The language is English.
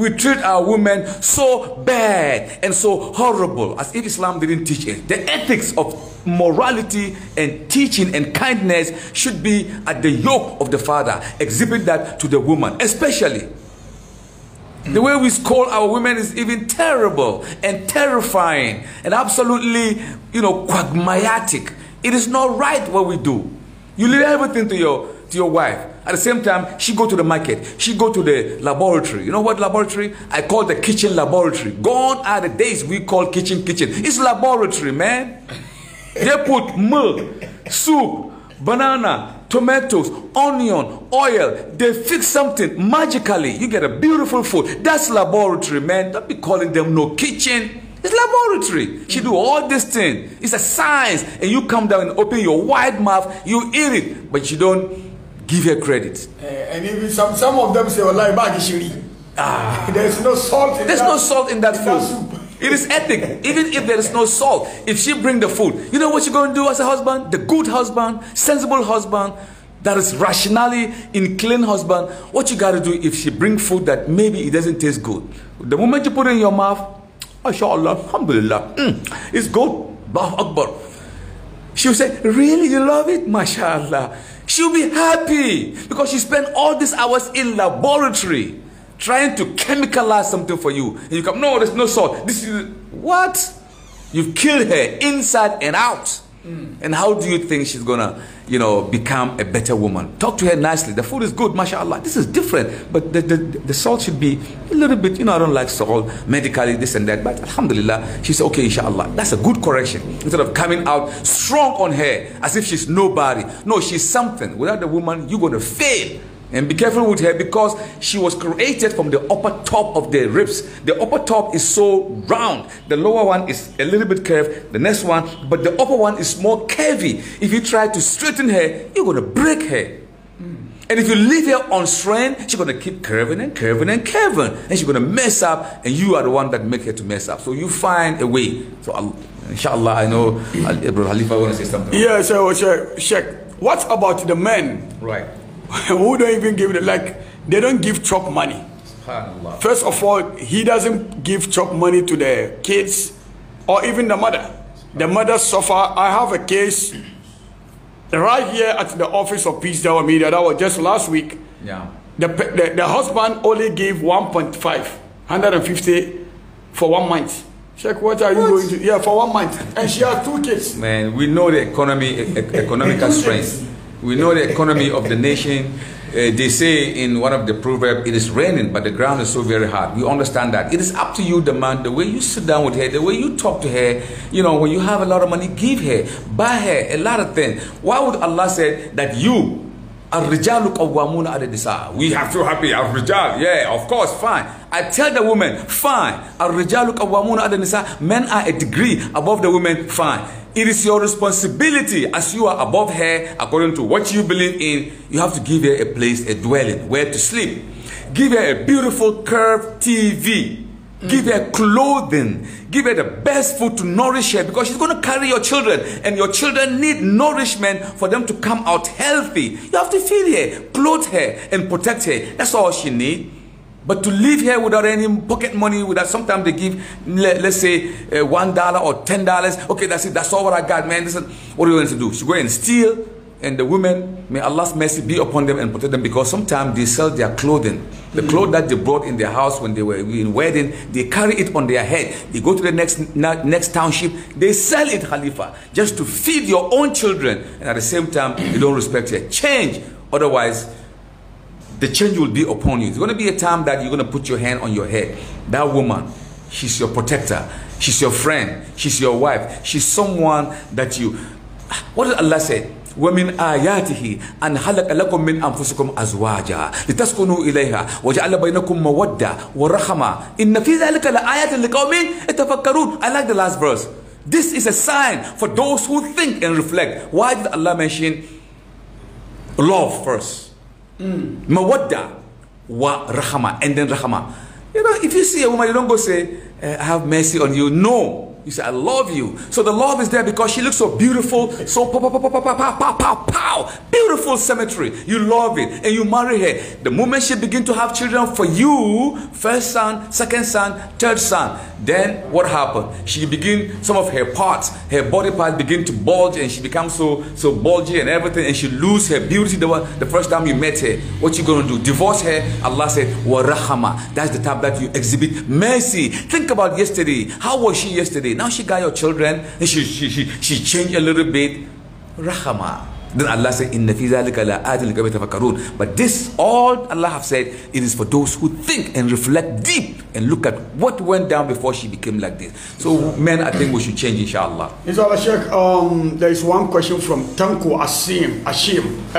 we treat our women so bad and so horrible as if Islam didn't teach it. The ethics of morality and teaching and kindness should be at the yoke of the father. Exhibit that to the woman, especially. The way we scold our women is even terrible and terrifying and absolutely, you know, quagmiatic. It is not right what we do. You leave everything to your to your wife. At the same time, she go to the market. She go to the laboratory. You know what laboratory? I call the kitchen laboratory. Gone are the days we call kitchen kitchen. It's laboratory, man. they put milk, soup, banana, tomatoes, onion, oil. They fix something magically. You get a beautiful food. That's laboratory, man. Don't be calling them no kitchen. It's laboratory. She do all this thing. It's a science. And you come down and open your wide mouth, you eat it. But you don't Give her credit. Uh, and even some, some of them say, well, bagishiri. Ah. There's no salt in There's that, no salt in that in food. That it is ethnic. Even if there is no salt, if she bring the food, you know what you're going to do as a husband? The good husband, sensible husband, that is rationally in clean husband. What you got to do if she bring food that maybe it doesn't taste good? The moment you put it in your mouth, Mashallah, Alhamdulillah, mm, it's good. Bah Akbar. She will say, Really, you love it? Mashallah." She'll be happy because she spent all these hours in laboratory trying to chemicalize something for you. And you come, No, there's no salt. This is what? You've killed her inside and out. Mm. And how do you think she's gonna, you know, become a better woman? Talk to her nicely. The food is good, mashallah. This is different, but the, the, the salt should be a little bit, you know, I don't like salt medically, this and that. But alhamdulillah, she said, okay, inshallah. That's a good correction. Instead of coming out strong on her as if she's nobody. No, she's something. Without the woman, you're gonna fail. And be careful with her because she was created from the upper top of the ribs. The upper top is so round. The lower one is a little bit curved, the next one, but the upper one is more curvy. If you try to straighten her, you're going to break her. Mm. And if you leave her on strain, she's going to keep curving and curving and curving. And she's going to mess up, and you are the one that make her to mess up. So you find a way. So, inshallah, I know Brother Halifa want to say something. Yeah, so, Sheikh, what about the men? Right who don't even give it? like they don't give chop money. First of all, he doesn't give chop money to the kids or even the mother. The mother suffer. I have a case right here at the office of Peace Tower Media that was just last week. Yeah. The, the, the husband only gave 1.5, 150 for one month. Check what are you what? going to? Yeah, for one month, and she has two kids. Man, we know the economy, e, e economic strength. We know the economy of the nation. Uh, they say in one of the proverbs, it is raining, but the ground is so very hard. We understand that. It is up to you, the man, the way you sit down with her, the way you talk to her. You know, when you have a lot of money, give her, buy her a lot of things. Why would Allah say that you Ar-rijalu qawwamuna 'ala We have to happy. Ar-rijal, yeah, of course, fine. I tell the woman, fine. Ar-rijalu qawwamuna 'ala nisa. Men are a degree above the women, fine. It is your responsibility as you are above her, according to what you believe in, you have to give her a place, a dwelling, where to sleep. Give her a beautiful curved TV Give her clothing. Give her the best food to nourish her because she's going to carry your children. And your children need nourishment for them to come out healthy. You have to feed her, clothe her, and protect her. That's all she needs. But to live here without any pocket money, without sometimes they give, let, us say, uh, one dollar or ten dollars. Okay, that's it. That's all what I got, man. Listen, what are you going to do? She go and steal, and the women, may Allah's mercy be upon them and protect them because sometimes they sell their clothing. The mm. clothes that they brought in their house when they were in wedding, they carry it on their head. They go to the next next township, they sell it, Khalifa, just to feed your own children. And at the same time, they don't respect your change. Otherwise, the change will be upon you. It's going to be a time that you're going to put your hand on your head. That woman, she's your protector. She's your friend. She's your wife. She's someone that you... What did Allah say? ومن آياته أن خلق لكم من أنفسكم أزواجا لتسكنوا إليها وجعل بينكم مودة ورحمة إن في ذلك لآيات لقوم يتفكرون I like the last verse This is a sign for those who think and reflect Why did Allah mention love first? Mm. Mawadda wa rahama and then rahama You know, if you see a woman, you don't go say, I have mercy on you. No. You say, I love you. So the love is there because she looks so beautiful, so pow, pow, pow, pow, pow, pow, pow, pow, beautiful cemetery. You love it and you marry her. The moment she begin to have children for you, first son, second son, third son, then what happened? She begin, some of her parts, her body parts begin to bulge and she becomes so, so bulgy and everything and she lose her beauty the, the first time you met her. What you gonna do? Divorce her? Allah said, warahama. That's the type that you exhibit mercy. Think about yesterday. How was she yesterday? Now she got your children and she, she, she, she changed a little bit. Rahama. Then Allah said, "In fi zalika But this, all Allah have said, it is for those who think and reflect deep and look at what went down before she became like this. So men, I think we should change, inshallah. Inshallah, Sheikh, um, there is one question from Tanku Asim, Asim.